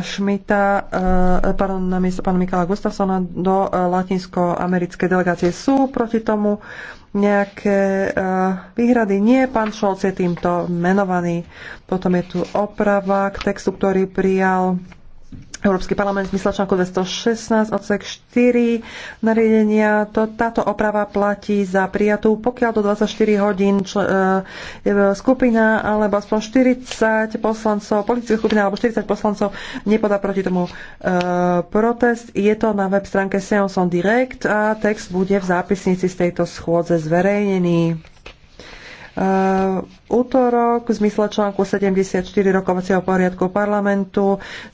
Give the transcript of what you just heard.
Šmita, eh, pardon, na miesto pána Mikala Gustafsona do eh, latinskoamerickej delegácie. Sú proti tomu nejaké eh, výhrady? Nie, pán Šolc je týmto menovaný. Potom je tu oprava k textu, ktorý prijal Európsky parlament v článku 216 odsek 4 nariadenia. To, táto oprava platí za prijatú, pokiaľ do 24 hodín čl, e, skupina alebo aspoň 40 poslancov, politická skupina alebo 40 poslancov nepodá proti tomu e, protest. Je to na web stránke Seance Direct a text bude v zápisnici z tejto schôdze zverejnený. Uh, útorok v zmysle článku 74 rokovacieho poriadku parlamentu